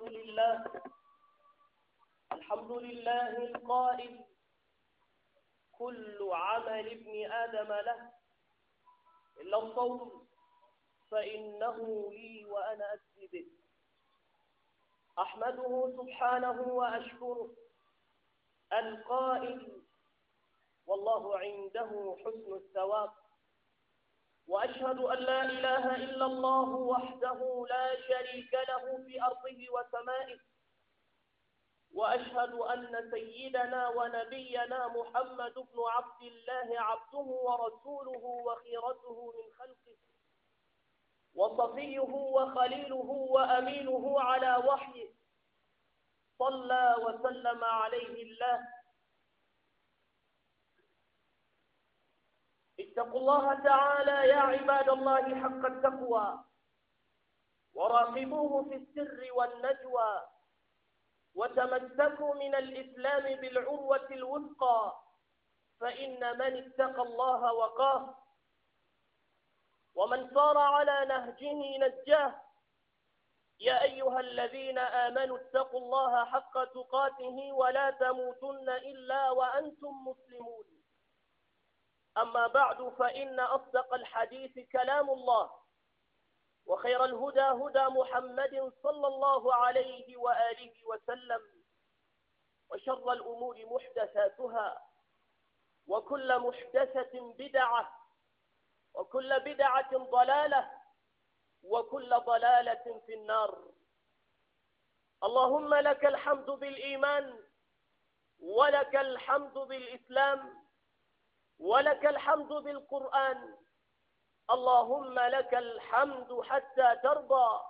الحمد لله الحمد لله القائل كل عمل ابن آدم له إلا الصوم فإنه لي وأنا أجزي به أحمده سبحانه وأشكره القائل والله عنده حسن الثواب وأشهد أن لا إله إلا الله وحده لا شريك له في أرضه وسمائه وأشهد أن سيدنا ونبينا محمد بن عبد الله عبده ورسوله وخيرته من خلقه وصفيه وخليله وأمينه على وحيه صلى وسلم عليه الله اتقوا الله تعالى يا عباد الله حق التقوى وراقبوه في السر والنجوى وتمسكوا من الإسلام بالعروة الوثقى فإن من اتقى الله وقاه ومن صار على نهجه نجاه يا أيها الذين آمنوا اتقوا الله حق تقاته ولا تموتن إلا وأنتم مسلمون أما بعد فإن أصدق الحديث كلام الله وخير الهدى هدى محمد صلى الله عليه وآله وسلم وشر الأمور محدثاتها وكل محدثة بدعة وكل بدعة ضلالة وكل ضلالة في النار اللهم لك الحمد بالإيمان ولك الحمد بالإسلام ولك الحمد بالقرآن اللهم لك الحمد حتى ترضى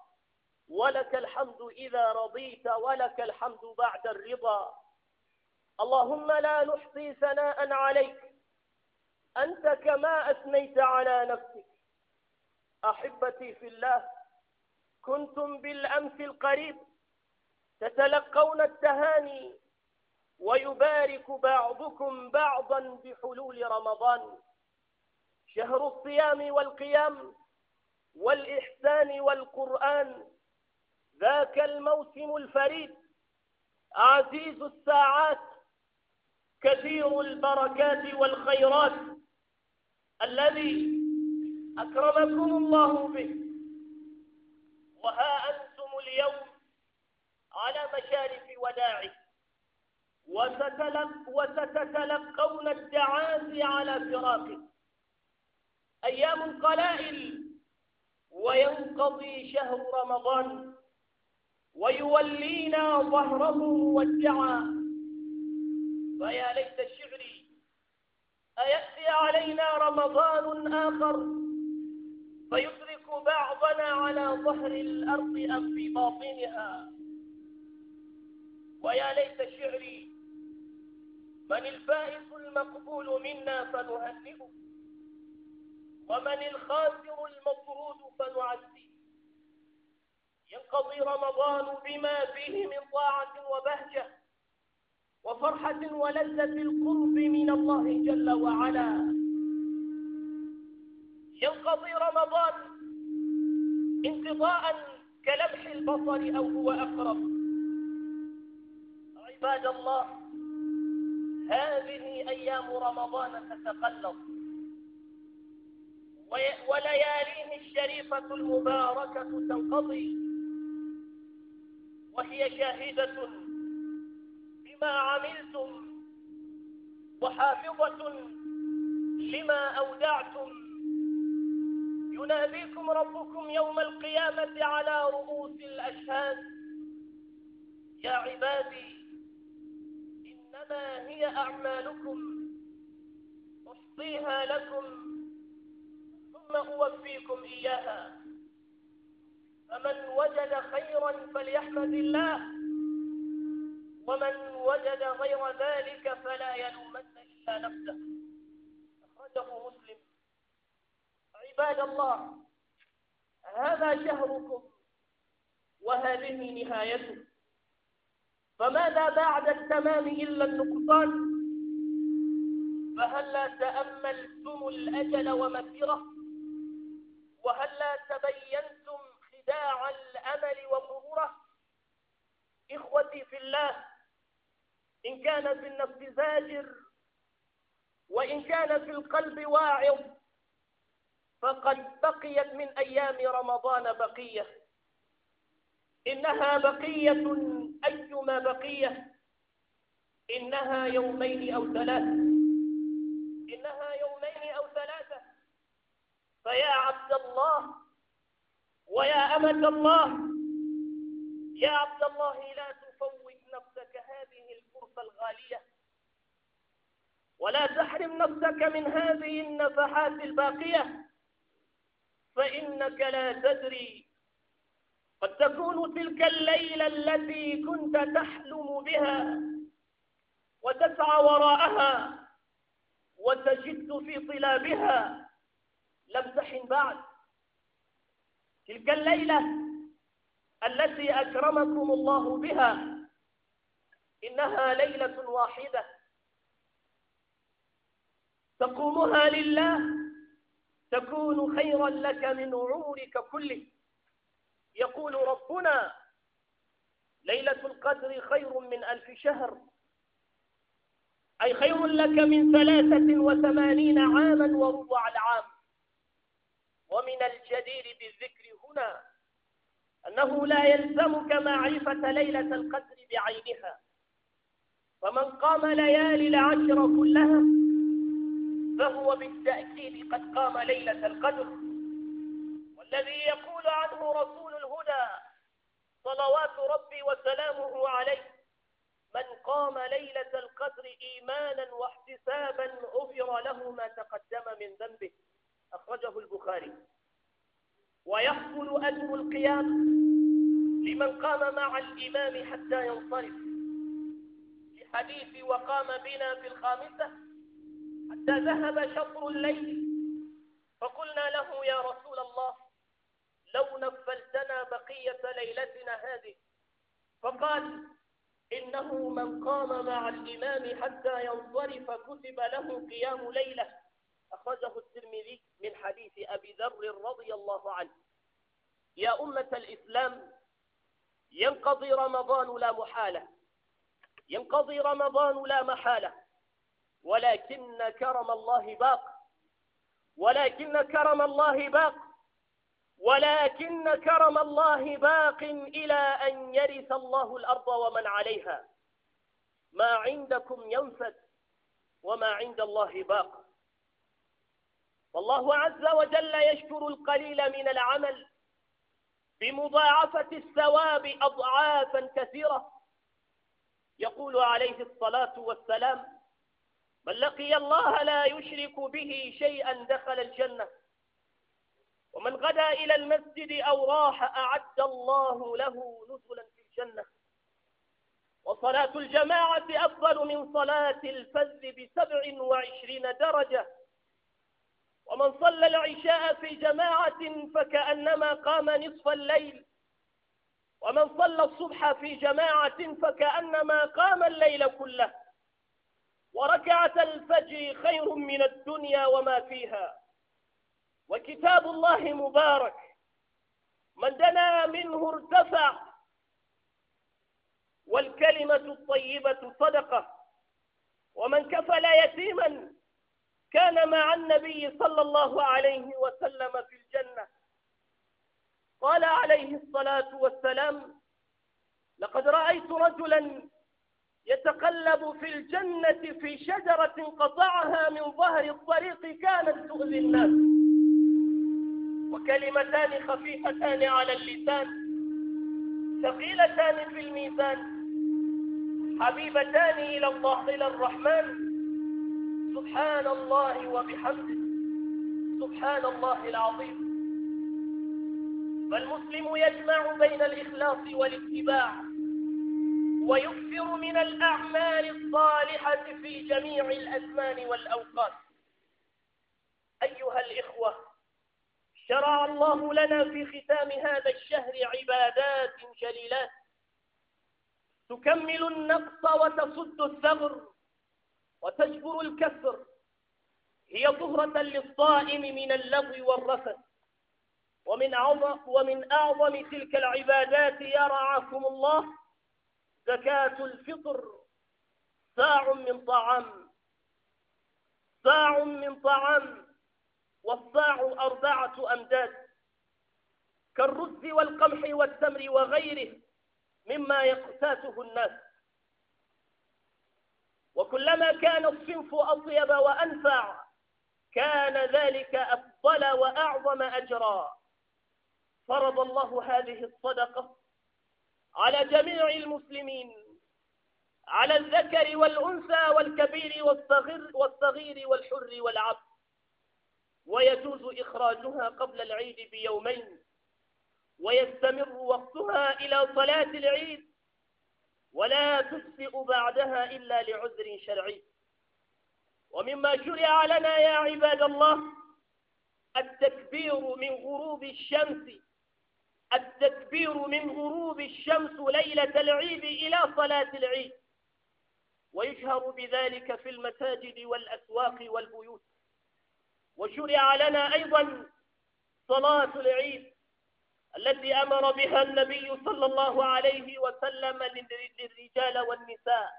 ولك الحمد إذا رضيت ولك الحمد بعد الرضا اللهم لا نحصي ثناء عليك أنت كما أثنيت على نفسك أحبتي في الله كنتم بالأمس القريب تتلقون التهاني ويبارك بعضكم بعضا بحلول رمضان شهر الصيام والقيام والإحسان والقرآن ذاك الموسم الفريد عزيز الساعات كثير البركات والخيرات الذي أكرمكم الله به وها أنتم اليوم على مشارف وداعه وستتلقون التعازي على فراقك أيام قلائل وينقضي شهر رمضان ويولينا ظهره والدعاء فيا ليت شعري أيأتي علينا رمضان آخر فيدرك بعضنا على ظهر الأرض أم في باطنها ويا ليت شعري من الفائز المقبول منا فنهنئه ومن الخاسر المطرود فنعزيه ينقضي رمضان بما فيه من طاعة وبهجة وفرحة ولذة القرب من الله جل وعلا ينقضي رمضان انقضاء كلمح البصر أو هو أقرب عباد الله أيام رمضان تتقلص ولياليه الشريفة المباركة تنقضي وهي شاهدة بما عملتم وحافظة لما أودعتم يناديكم ربكم يوم القيامة على رؤوس الأشهاد يا عبادي إنما هي أعمالكم أحصيها لكم ثم أوفيكم إياها فمن وجد خيرا فليحمد الله ومن وجد غير ذلك فلا يلومن إلا نفسه أخرجه مسلم عباد الله هذا شهركم وهذه نهايته فماذا بعد التمام إلا النقصان فهلا تأملتم الأجل ومسيره وهلا تبينتم خداع الأمل ومرورة إخوتي في الله إن كان في النفس زاجر وإن كان في القلب واعظ فقد بقيت من أيام رمضان بقية إنها بقية أيما بقية إنها يومين أو ثلاثة إنها يومين أو ثلاثة فيا عبد الله ويا أمة الله يا عبد الله لا تفوت نفسك هذه الفرصة الغالية ولا تحرم نفسك من هذه النفحات الباقية فإنك لا تدري قد تكون تلك الليلة التي كنت تحلم بها وتسعى وراءها وتجد في طلابها لم تحن بعد تلك الليلة التي أكرمكم الله بها إنها ليلة واحدة تقومها لله تكون خيرا لك من عمرك كله يقول ربنا ليلة القدر خير من ألف شهر أي خير لك من ثلاثة وثمانين عاما وربع العام ومن الجدير بالذكر هنا أنه لا يلزمك معرفة ليلة القدر بعينها فمن قام ليالي العشر كلها فهو بالتأكيد قد قام ليلة القدر والذي يقول عنه رسول صلوات ربي وسلامه عليه من قام ليلة القدر إيمانا واحتسابا غفر له ما تقدم من ذنبه أخرجه البخاري ويحصل أجر القيام لمن قام مع الإمام حتى ينصرف لحديث وقام بنا في الخامسة حتى ذهب شطر الليل فقلنا له يا رسول الله لو نفلتنا بقية ليلتنا هذه فقال إنه من قام مع الإمام حتى ينصرف كتب له قيام ليلة أخرجه الترمذي من حديث أبي ذر رضي الله عنه يا أمة الإسلام ينقضي رمضان لا محالة ينقضي رمضان لا محالة ولكن كرم الله باق ولكن كرم الله باق ولكن كرم الله باق إلى أن يرث الله الأرض ومن عليها ما عندكم ينفد وما عند الله باق والله عز وجل يشكر القليل من العمل بمضاعفة الثواب أضعافا كثيرة يقول عليه الصلاة والسلام من لقي الله لا يشرك به شيئا دخل الجنة ومن غدا إلى المسجد أو راح أعد الله له نزلا في الجنة وصلاة الجماعة أفضل من صلاة الفذ بسبع وعشرين درجة ومن صلى العشاء في جماعة فكأنما قام نصف الليل ومن صلى الصبح في جماعة فكأنما قام الليل كله وركعة الفجر خير من الدنيا وما فيها وكتاب الله مبارك من دنا منه ارتفع والكلمة الطيبة صدقة ومن كفل يتيما كان مع النبي صلى الله عليه وسلم في الجنة قال عليه الصلاة والسلام لقد رأيت رجلا يتقلب في الجنة في شجرة قطعها من ظهر الطريق كانت تؤذي الناس وكلمتان خفيفتان على اللسان ثقيلتان في الميزان حبيبتان إلى الله إلى الرحمن سبحان الله وبحمده سبحان الله العظيم فالمسلم يجمع بين الإخلاص والاتباع ويكثر من الأعمال الصالحة في جميع الأزمان والأوقات أيها الإخوة شرع الله لنا في ختام هذا الشهر عبادات جليلات تكمل النقص وتصد الثغر وتجبر الكسر هي طهرة للصائم من اللغو والرفث ومن أعظم ومن أعظم تلك العبادات يا رعاكم الله زكاة الفطر ساع من طعام ساع من طعام والصاع أربعة أمداد كالرز والقمح والتمر وغيره مما يقتاته الناس وكلما كان الصنف أطيب وأنفع كان ذلك أفضل وأعظم أجرا فرض الله هذه الصدقة على جميع المسلمين على الذكر والأنثى والكبير والصغير, والصغير والحر والعبد ويجوز إخراجها قبل العيد بيومين ويستمر وقتها إلى صلاة العيد ولا تجزئ بعدها إلا لعذر شرعي ومما شرع لنا يا عباد الله التكبير من غروب الشمس التكبير من غروب الشمس ليلة العيد إلى صلاة العيد ويشهر بذلك في المساجد والأسواق والبيوت وشرع لنا أيضا صلاة العيد التي أمر بها النبي صلى الله عليه وسلم للرجال والنساء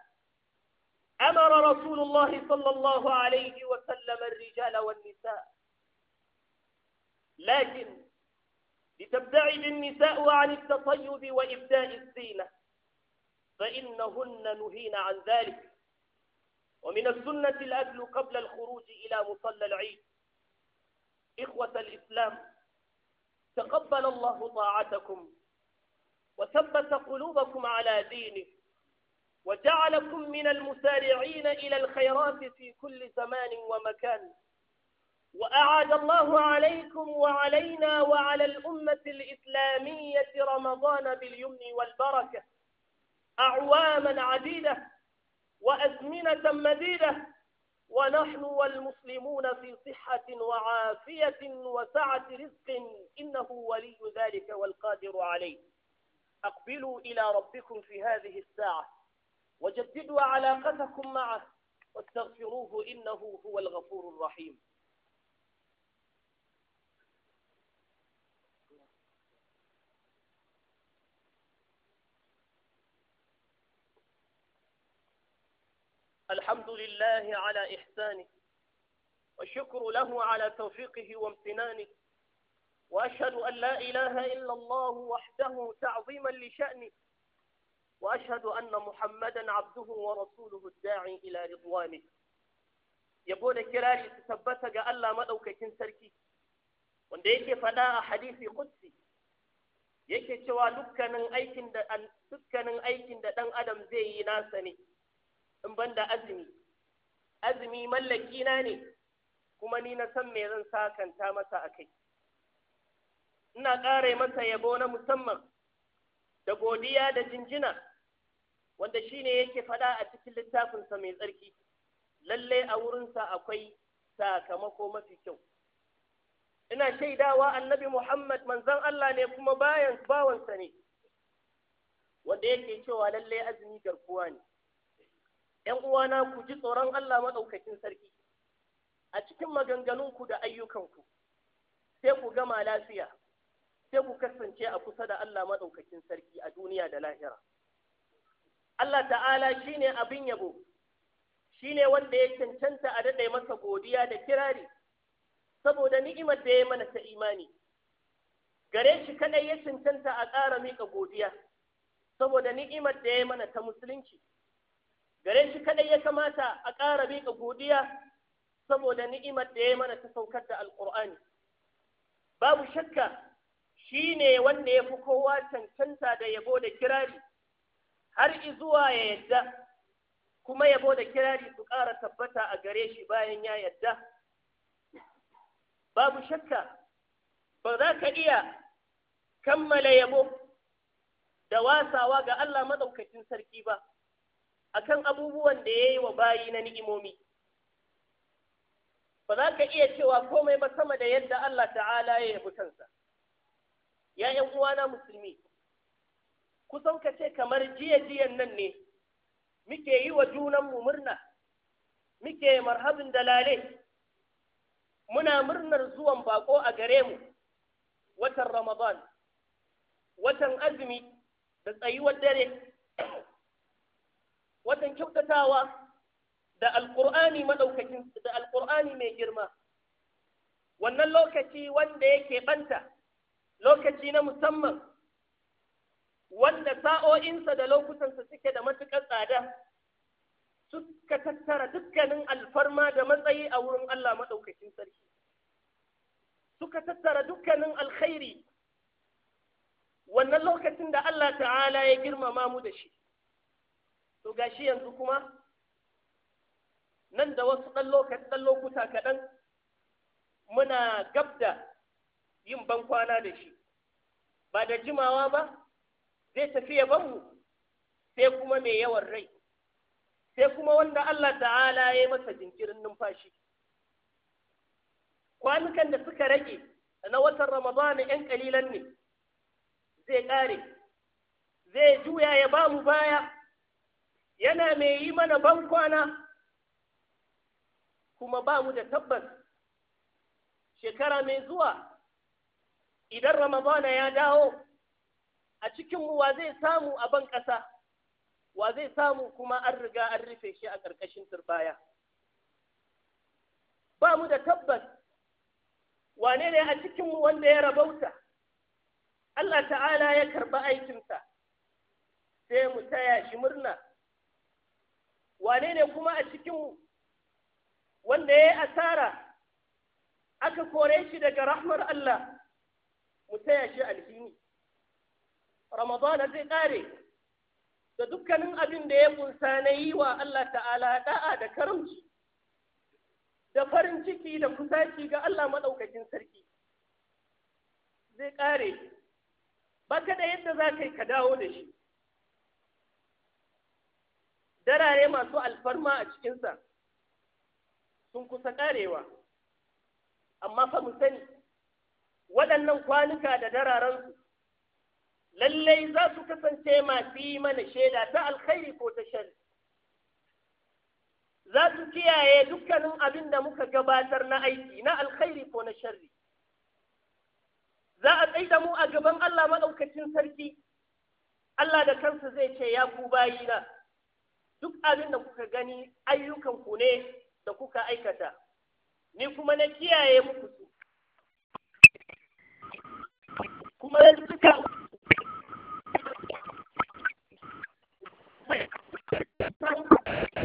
أمر رسول الله صلى الله عليه وسلم الرجال والنساء لكن لتبتعد النساء عن التطيب وإبداء الزينة فإنهن نهين عن ذلك ومن السنة الأكل قبل الخروج إلى مصلى العيد إخوة الإسلام تقبل الله طاعتكم وثبت قلوبكم على دينه وجعلكم من المسارعين إلى الخيرات في كل زمان ومكان وأعاد الله عليكم وعلينا وعلى الأمة الإسلامية رمضان باليمن والبركة أعواما عديدة وأزمنة مديدة ونحن والمسلمون في صحة وعافية وسعة رزق إنه ولي ذلك والقادر عليه أقبلوا إلى ربكم في هذه الساعة وجددوا علاقتكم معه واستغفروه إنه هو الغفور الرحيم الحمد لله على إحسانه والشكر له على توفيقه وامتنانه وأشهد أن لا إله إلا الله وحده تعظيما لشأنه وأشهد أن محمدا عبده ورسوله الداعي إلى رضوانه يقول الكراري تثبت قال مدوكة سركي wanda yake faɗa a hadisi qudsi yake cewa dukkanin aikin da dukkanin aikin da dan adam zai yi nasa ne in da azumi azumi mallaki na ne kuma ni na san me zan sakanta masa a kai ina ƙara masa yabo na musamman da godiya da jinjina wanda shi ne yake faɗa a cikin littafinsa mai tsarki lalle a wurinsa akwai sakamako mafi kyau ina shaidawa annabi Muhammad manzon Allah ne kuma bayan bawansa ne wanda yake cewa lalle azumi garkuwa ne ‘yan uwana ku ji tsoron Allah maɗaukakin sarki, a cikin maganganunku da ayyukanku, sai ku gama lafiya, sai ku kasance a kusa da Allah maɗaukakin sarki a duniya da lahira. Allah ta'ala shi ne abin yabo, shi ne wanda ya cancanta a daɗe masa godiya da kirari, saboda ni'imar da ya mana ta imani. Gare shi kaɗai ya cancanta a ƙara miƙa godiya, saboda ni'imar da ya mana ta musulunci. gare shi kadai ya kamata a ƙara miƙa godiya saboda ni'imar da ya mana ta saukar da alƙur'ani babu shakka shi ne wanda ya fi kowa cancanta da yabo da kirari har izuwa ya yadda kuma yabo da kirari su ƙara tabbata a gare shi bayan ya yadda babu shakka ba za ka iya kammala yabo da wasawa ga Allah maɗaukacin sarki ba akan abubuwan da ya yi wa bayi na ni'imomi ba za ka iya cewa komai ba sama da yadda Allah ta'ala ya yabi kansa ya ‘yan uwana musulmi kusan ka ce kamar jiya-jiyan nan ne muke yi wa junanmu murna muke marhabin dalale muna murnar zuwan bako a gare mu watan ramadan watan azumi da tsayuwar dare Wajen kyautatawa da alƙur'ani madaukakin da alƙur'ani mai girma wannan lokaci wanda yake banta lokaci na musamman wanda sa'o'insa da lokutansa suke da matuƙar tsada suka tattara dukkanin alfarma da matsayi a wurin Allah maɗaukakin sarki suka tattara dukkanin alkhairi wannan lokacin da Allah ta'ala ya girmama mu da shi to gashi yanzu kuma nan da wasu ɗan lokaci lokuta kaɗan muna gabda da yin bankwana da shi ba da jimawa ba zai tafi ya banmu sai kuma mai yawan rai sai kuma wanda Allah ta'ala ya yi masa jinkirin numfashi kwanukan da suka rage na watan ramadana 'yan kalilan ne zai ƙare zai juya ya bamu baya yana mai yi mana ban kwana, kuma ba mu da tabbas shekara mai zuwa idan ramadana ya dawo a cikinmu wa zai samu a ban ƙasa wa zai samu kuma an riga an rufe shi a ƙarƙashin turbaya ba mu da tabbas wane ne a cikinmu wanda ya rabauta Allah ta'ala ya karɓi aikinsa sai mu taya shi murna wane ne kuma a cikin wanda ya yi asara aka kore shi daga rahmar Allah mu taya shi alhini ramadana zai ƙare da dukkanin abin da ya kunsa na yi wa Allah ta'ala da'a da karamci da farin ciki da kusaci ga Allah maɗaukakin sarki zai ƙare ba ka da yadda za ka yi ka dawo da shi darare masu alfarma a cikinsa sun kusa karewa amma fa mu sani waɗannan kwanuka da dararensu lallai za su kasance masu yi mana shaida ta alkhairi ko ta shari za su kiyaye dukkanin abin da muka gabatar na aiki na alkhairi ko na shari za a da mu a gaban Allah maɗaukacin sarki Allah da kansa zai ce ya ku bayina duk abin da kuka gani ayyukan ku ne da kuka aikata ni kuma na kiyaye muku su kuma na duka Thank you.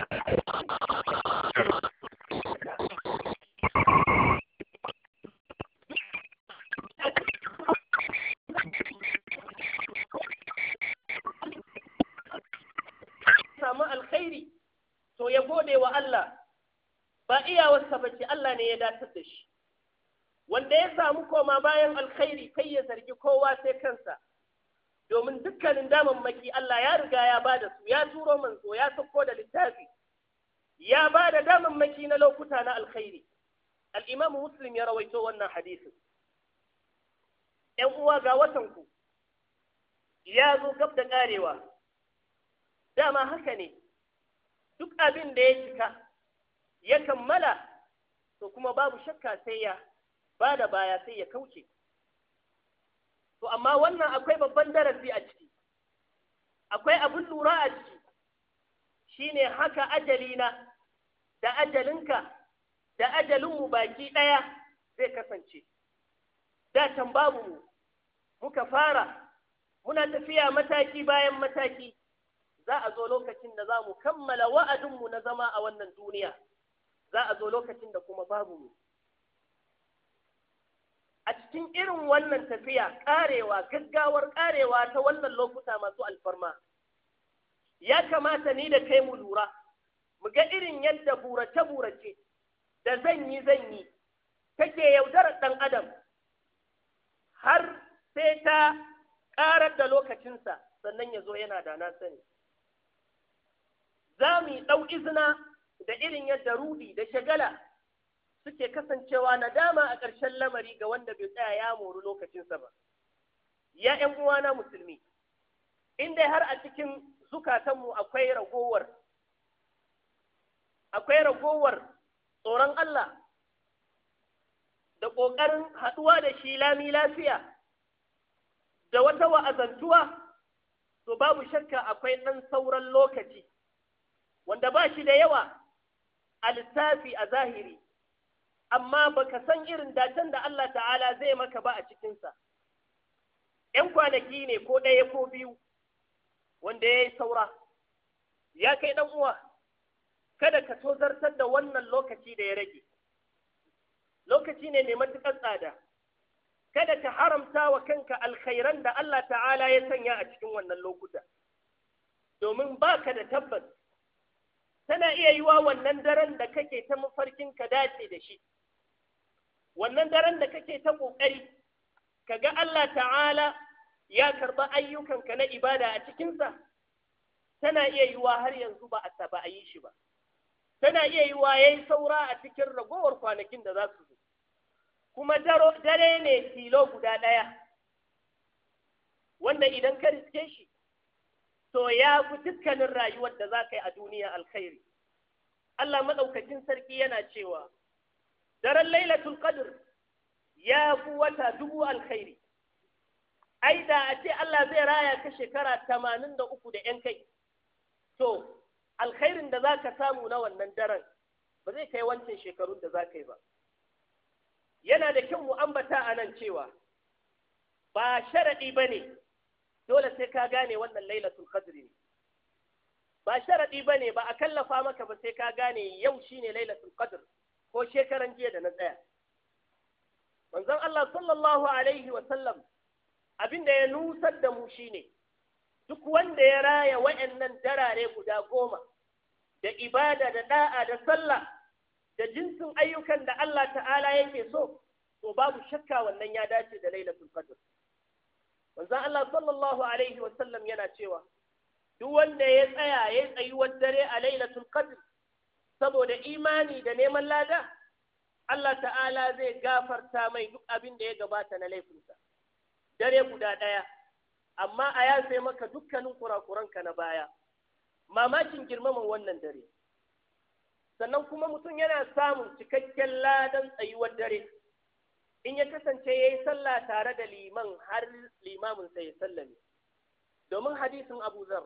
Allah ne ya datar da shi wanda ya samu koma bayan alkhairi kai ya zargi kowa sai kansa domin dukkanin damammaki Allah ya riga ya ba da su ya turo manzo ya sauko da littafi ya ba bada damammaki na lokuta na alkhairi alimam imam ya rawaito wannan hadisin ‘yan uwa ga watanku, ya zo gab da ƙarewa, dama haka ne, duk abin da ya cika, ya kammala to kuma babu shakka sai ya ba da baya sai ya kauce to amma wannan akwai babban darasi a ciki akwai abin lura a ciki shine haka ajalina da ajalinka da ajalinmu baki ɗaya zai kasance da can babu mu muka fara muna tafiya mataki bayan mataki za a zo lokacin da za mu kammala wa'adinmu na zama a wannan duniya za a zo lokacin da kuma babu mu a cikin irin wannan tafiya karewa gaggawar karewa ta wannan lokuta masu alfarma ya kamata ni da kai mu lura mu ga irin yadda burace-burace da zan yi zan yi take yaudarar ɗan adam har sai ta ƙarar da lokacinsa sannan ya zo yana da na sani za mu yi ɗau izina da irin yadda rudi da shagala suke kasancewa na dama a ƙarshen lamari ga wanda bai tsaya ya moru lokacinsa ba ya ‘yan uwana musulmi in dai har a cikin zukatanmu akwai ragowar akwai ragowar tsoron Allah da ƙoƙarin haɗuwa da shi lami lafiya da wata wa'azantuwa to babu shakka akwai ɗan sauran lokaci wanda ba shi da yawa a lissafi a zahiri amma baka san irin dacen da Allah ta'ala zai maka ba a cikinsa ‘yan kwanaki ne ko ɗaya ko biyu wanda ya yi saura ya kai ɗan uwa kada ka zartar da wannan lokaci da ya rage lokaci ne mai matuƙar tsada kada ka haramta wa kanka alkhairan da Allah ta'ala ya sanya a cikin wannan lokuta domin baka da tabbas tana iya yi wa wannan daren da kake ta mafarkin ka dace da shi wannan daren da kake ta ƙoƙari ka ga Allah ta'ala ya karɓi ayyukanka na ibada a cikinsa tana iya yi wa har yanzu ba a saba a yi shi ba tana iya wa ya yi saura a cikin ragowar kwanakin da za su zo kuma dare ne tilo guda ɗaya wanda idan ka riske shi to ya fi dukkanin rayuwar da za ka yi a duniya alkhairi Allah maɗaukacin sarki yana cewa daren lailatul qadr ya fi wata dubu alkhairi ai da a ce Allah zai raya ka shekara tamanin da uku da ‘yan kai to alkhairin da za ka samu na wannan daren ba zai kai wancan shekarun da za ka yi ba yana da kyau mu ambata a nan cewa ba sharaɗi ba ne dole sai ka gane wannan lailatul qadri ne ba sharadi bane ba a kallafa maka ba sai ka gane yau shine lailatul qadr ko shekaran jiya da na tsaya manzon Allah sallallahu alaihi wa sallam abinda ya nusar da mu shine duk wanda ya raya wayannan darare guda goma da ibada da da'a da sallah da jinsin ayyukan da Allah ta'ala yake so to babu shakka wannan ya dace da lailatul qadr manzon Allah sallallahu alaihi wa sallam yana cewa duk wanda ya tsaya ya tsayuwar dare a lailatul qadr saboda imani da neman lada Allah ta'ala zai gafarta mai duk abin da ya gabata na laifinsa dare guda ɗaya amma a ya sai maka dukkanin kurakuranka na baya mamakin girmaman wannan dare sannan kuma mutum yana samun cikakken ladan tsayuwar dare in ya kasance ya yi sallah tare da liman har limamin sai ya sallame domin hadisin abu zar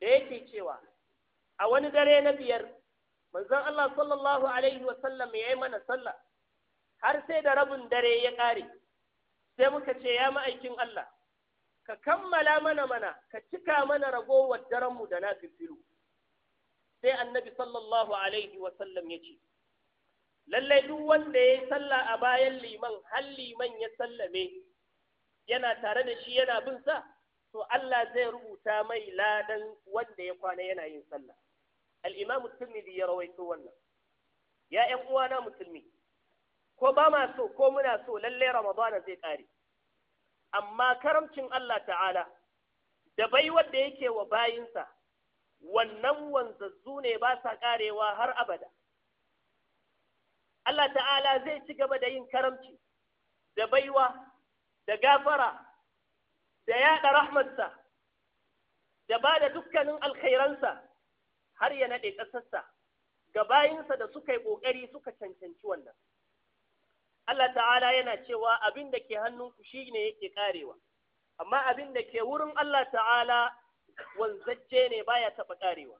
da yake cewa a wani dare na biyar manzon Allah sallallahu alaihi wasallam ya yi mana sallah har sai da rabin dare ya ƙare sai muka ce ya ma'aikin Allah ka kammala mana mana ka cika mana ragowar daranmu da na fifiru sai annabi sallallahu alaihi wasallam ya ce lallai duk wanda ya yi sallah a bayan liman har liman ya sallame yana tare da shi yana bin sa to Allah zai rubuta mai ladan wanda ya kwana yana yin sallah al-imamu tirmidhi ya rawaito wannan ya ƴan uwana musulmi ko ba ma so ko muna so lallai ramadana zai kare amma karamcin Allah ta'ala da bai wanda yake wa bayinsa wannan wanzazzu ne ba sa karewa har abada Allah ta'ala zai ci gaba da yin karamci da baiwa da gafara da yaɗa rahmarsa da ba da dukkanin alkhairansa har ya naɗe ƙasarsa ga bayinsa da suka yi ƙoƙari suka cancanci wannan. Allah ta'ala yana cewa abin da ke hannunku shi ne yake ƙarewa, amma abin da ke wurin Allah ta'ala wanzacce ne baya taɓa ƙarewa.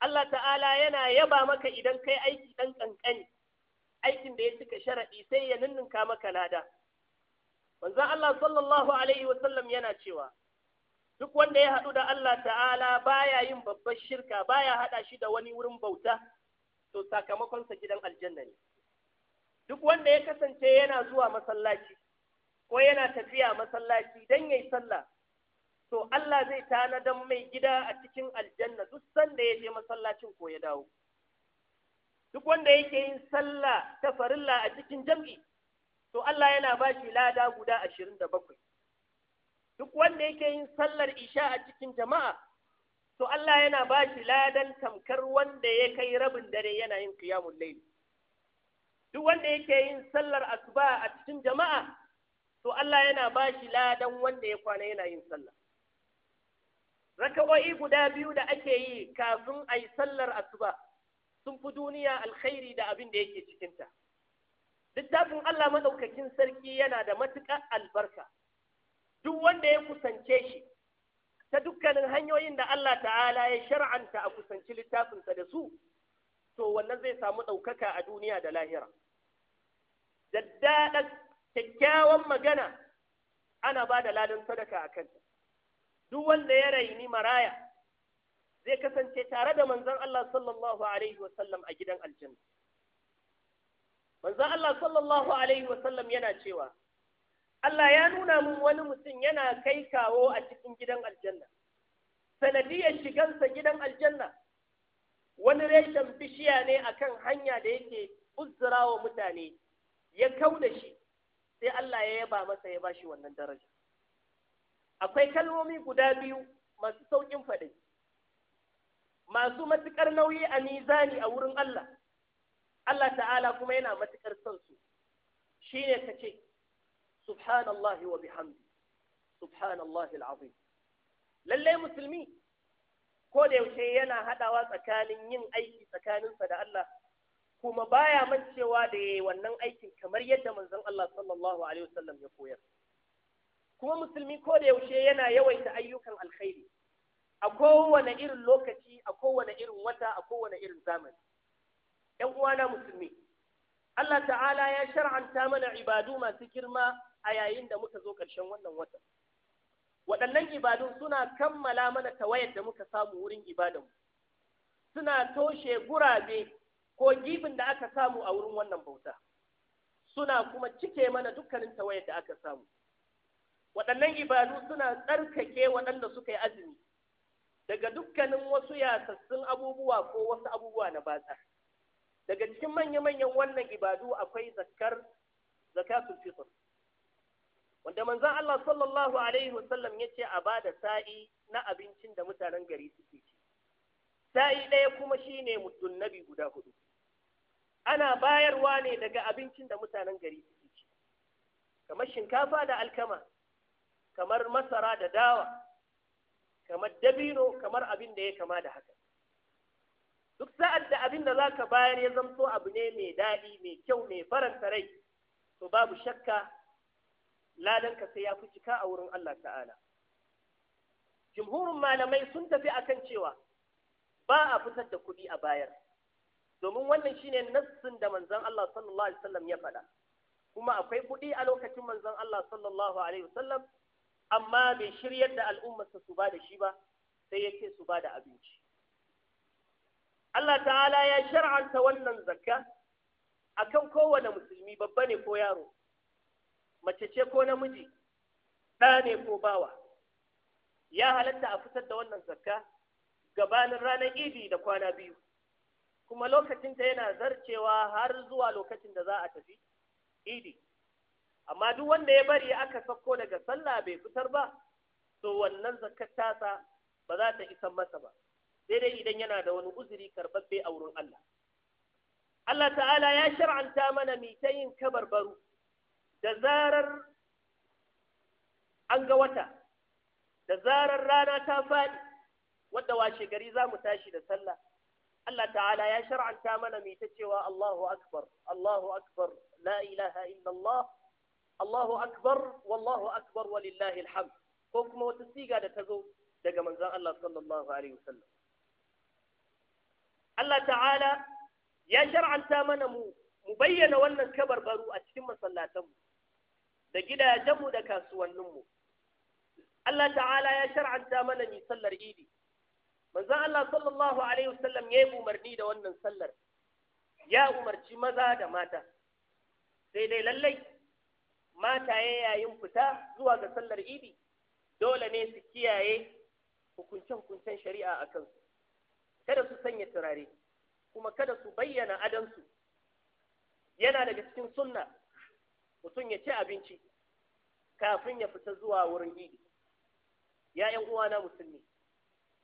Allah ta'ala yana yaba maka idan kai aiki ɗan ƙanƙani, aikin da ya cika sharaɗi sai ya ninninka maka lada manzon Allah sallallahu alaihi wasallam yana cewa duk wanda ya haɗu da Allah ta'ala baya yin babbar shirka baya haɗa shi da wani wurin bauta to sakamakonsa gidan aljanna ne duk wanda ya kasance yana zuwa masallaci ko yana tafiya masallaci don yayi sallah to Allah zai tanadan mai gida a cikin aljanna duk sanda ya je masallacin ko ya dawo duk wanda yake yin sallah ta farilla a cikin jam'i to Allah yana ba shi lada guda ashirin da bakwai duk wanda yake yin sallar isha a cikin jama'a to Allah yana ba shi ladan tamkar wanda ya kai rabin dare yana yin qiyamul layl duk wanda yake yin sallar asuba a cikin jama'a to Allah yana ba shi ladan wanda ya kwana yana yin sallah rakawai guda biyu da ake yi kafin a sallar asuba sun fi duniya alkhairi da abin da yake cikinta littafin Allah maɗaukakin sarki yana da matuƙar albarka duk wanda ya kusance shi ta dukkanin hanyoyin da Allah ta'ala ya shar'anta a kusanci littafinsa da su to wannan zai samu ɗaukaka a duniya da lahira daddaɗa kyakkyawan magana ana ba da ladan sadaka a kanta duk wanda ya raini maraya zai kasance tare da manzon Allah sallallahu alaihi wasallam a gidan aljanna manzon Allah sallallahu alaihi wasallam yana cewa Allah ya nuna min wani mutum yana kai kawo a cikin gidan aljanna sanadiyar shigansa gidan aljanna wani reshen bishiya ne akan hanya da yake uzura wa mutane ya kau shi sai Allah ya yaba masa ya bashi wannan daraja akwai kalmomi guda biyu masu sauƙin faɗi masu matuƙar nauyi a mizani a wurin Allah Allah ta'ala kuma yana matuƙar son su shine ka ce Subhanallah wa bihamdi subhanallah al'azim lallai musulmi ko da yaushe yana haɗawa tsakanin yin aiki tsakaninsa da Allah kuma baya mancewa da yayi wannan aikin kamar yadda manzon Allah sallallahu alaihi wasallam ya koyar kuma musulmi ko da yaushe yana yawaita ayyukan alkhairi a kowane irin lokaci a kowane irin wata a kowane irin zamani ‘yan uwana musulmi Allah ta'ala ya shar'anta mana ibadu masu girma a yayin da muka zo ƙarshen wannan watan waɗannan ibadun suna kammala mana tawayar da muka samu wurin ibadanmu suna toshe gurabe ko gibin da aka samu a wurin wannan bauta suna kuma cike mana dukkanin tawayar da aka samu waɗannan ibadu suna tsarkake waɗanda suka yi azumi daga dukkanin wasu yasassun abubuwa ko wasu abubuwa na batsa daga cikin manya-manyan wannan ibadu akwai zakar zakatul fitr wanda manzon Allah sallallahu alaihi wasallam yace a bada sa'i na abincin da mutanen gari suke ci sa'i ɗaya kuma shine muddun nabi guda hudu ana bayarwa ne daga abincin da mutanen gari suke ci kamar shinkafa da alkama kamar masara da dawa kamar dabino kamar abin da ya kama da haka duk sa'ad da abin da za ka bayar ya zamto abu ne mai daɗi mai kyau mai faranta rai to babu shakka ladanka sai ya fi cika a wurin Allah ta'ala jumhurin malamai sun tafi akan cewa ba a fitar da kuɗi a bayar domin wannan shine nassin da manzon Allah sallallahu alaihi wasallam ya faɗa kuma akwai kuɗi a lokacin manzon Allah sallallahu alaihi wasallam amma bai shiryar da al'ummarsa su ba da shi ba sai yake su ba da abinci Allah ta'ala ya shar'anta wannan zakka akan kowane musulmi babba ne ko yaro mace ce ko namiji ɗa ne ko bawa ya halatta a fitar da wannan zakka gabanin ranar idi da kwana biyu kuma lokacinta yana zarcewa har zuwa lokacin da za a tafi idi amma duk wanda ya bari aka sako daga sallah bai fitar ba to wannan zakat tasa ba za ta isa masa ba sai dai idan yana da wani uzuri karbabbe a wurin Allah Allah ta'ala ya shar'anta mana yin kabarbaru da zarar an ga wata da zarar rana ta faɗi wadda washe gari za mu tashi da sallah Allah ta'ala ya shar'anta mana mai ta cewa Allahu akbar Allahu akbar la ilaha illallah Allahu akbar wallahu akbar walillahi alhamd ko kuma wata siga da ta zo daga manzon Allah sallallahu Allah ta'ala ya shar'anta mana mu bayyana wannan kabarbaru a cikin masallatanmu da gidajenmu da kasuwanninmu Allah ta'ala ya shar'anta mana ni sallar idi manzon Allah sallallahu ya yi umarni da wannan sallar ya umarci maza da mata sai dai lallai mataye yayin fita zuwa ga sallar idi dole ne su kiyaye hukunce-hukuncen shari'a a kansu kada su sanya turare kuma kada su bayyana adansu yana daga cikin sunna mutum ya ci abinci kafin ya fita zuwa wurin idi ya ‘yan uwana musulmi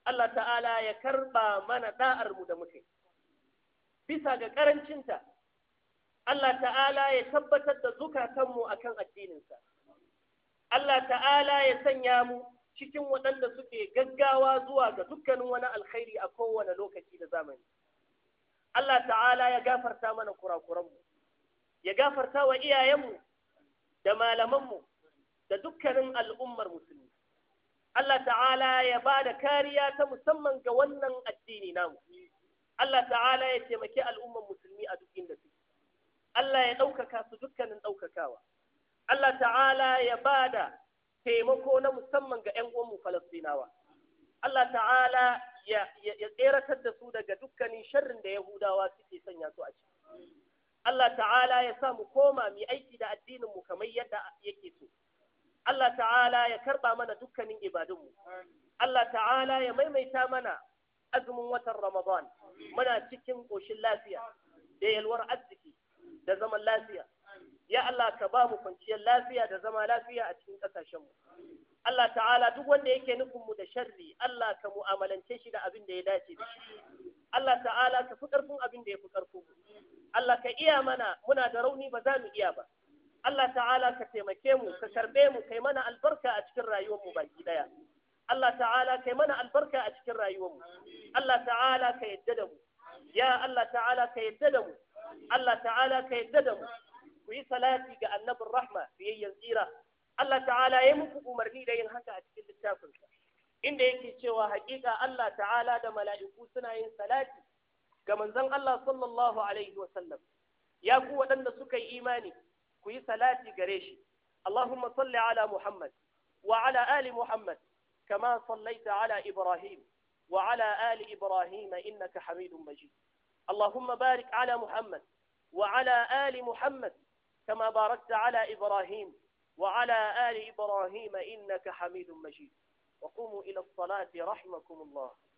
Allah ta'ala ya karba mana da'armu da muke bisa ga ƙarancinta Allah ta'ala ya tabbatar da zukatanmu a kan addininsa. Allah ta'ala ya sanya mu cikin waɗanda suke gaggawa zuwa ga dukkanin wani alkhairi a kowane lokaci da zamani. Allah ta'ala ya gafarta mana kurakuranmu, ya gafarta wa iyayenmu da malamanmu da dukkanin al'ummar musulmi. Allah ta'ala ya ba da kariya ta musamman ga wannan addini namu. Allah ta'ala ya taimaki al'ummar musulmi a duk inda suke. Allah ya ɗaukaka su dukkanin ɗaukakawa Allah ta'ala ya ba da taimako na musamman ga ‘yan uwanmu Falastinawa Allah ta'ala ya tseratar da su daga dukkanin sharrin da Yahudawa suke sanya su a ciki Allah ta'ala ya sa mu koma mu aiki da addininmu kamar yadda yake so Allah ta'ala ya karɓa mana dukkanin ibadunmu Allah ta'ala ya maimaita mana azumin watan Ramadan muna cikin ƙoshin lafiya da yalwar da zaman lafiya ya Allah ka ba mu kwanciyar lafiya da zama lafiya a cikin ƙasashenmu Allah ta'ala duk wanda yake nufin mu da sharri Allah ka mu'amalance shi da abin da ya dace da shi Allah ta'ala ka fi ƙarfin abin da ya fi ƙarfin Allah ka iya mana muna da rauni ba za mu iya ba Allah ta'ala ka taimake mu ka karbe mu kai mana albarka a cikin rayuwar mu baki daya Allah ta'ala kai mana albarka a cikin rayuwar mu Allah ta'ala ka yadda da mu ya Allah ta'ala ka yadda da mu Allah ta'ala ka yadda da mu ku yi salati ga annabin rahma biyayyen tsira Allah ta'ala ya muku umarni da yin haka a cikin littafin. inda yake cewa hakika Allah ta'ala da mala'iku suna yin salati ga manzon Allah sallallahu alaihi wa sallam ya ku waɗanda suka yi imani ku yi salati gare shi Allahumma salli ala Muhammad wa ala ali Muhammad kama sallaita ala Ibrahim wa ali Ibrahim innaka Hamidum Majid اللهم بارك على محمد وعلى آل محمد كما باركت على إبراهيم وعلى آل إبراهيم إنك حميد مجيد وقوموا إلى الصلاة رحمكم الله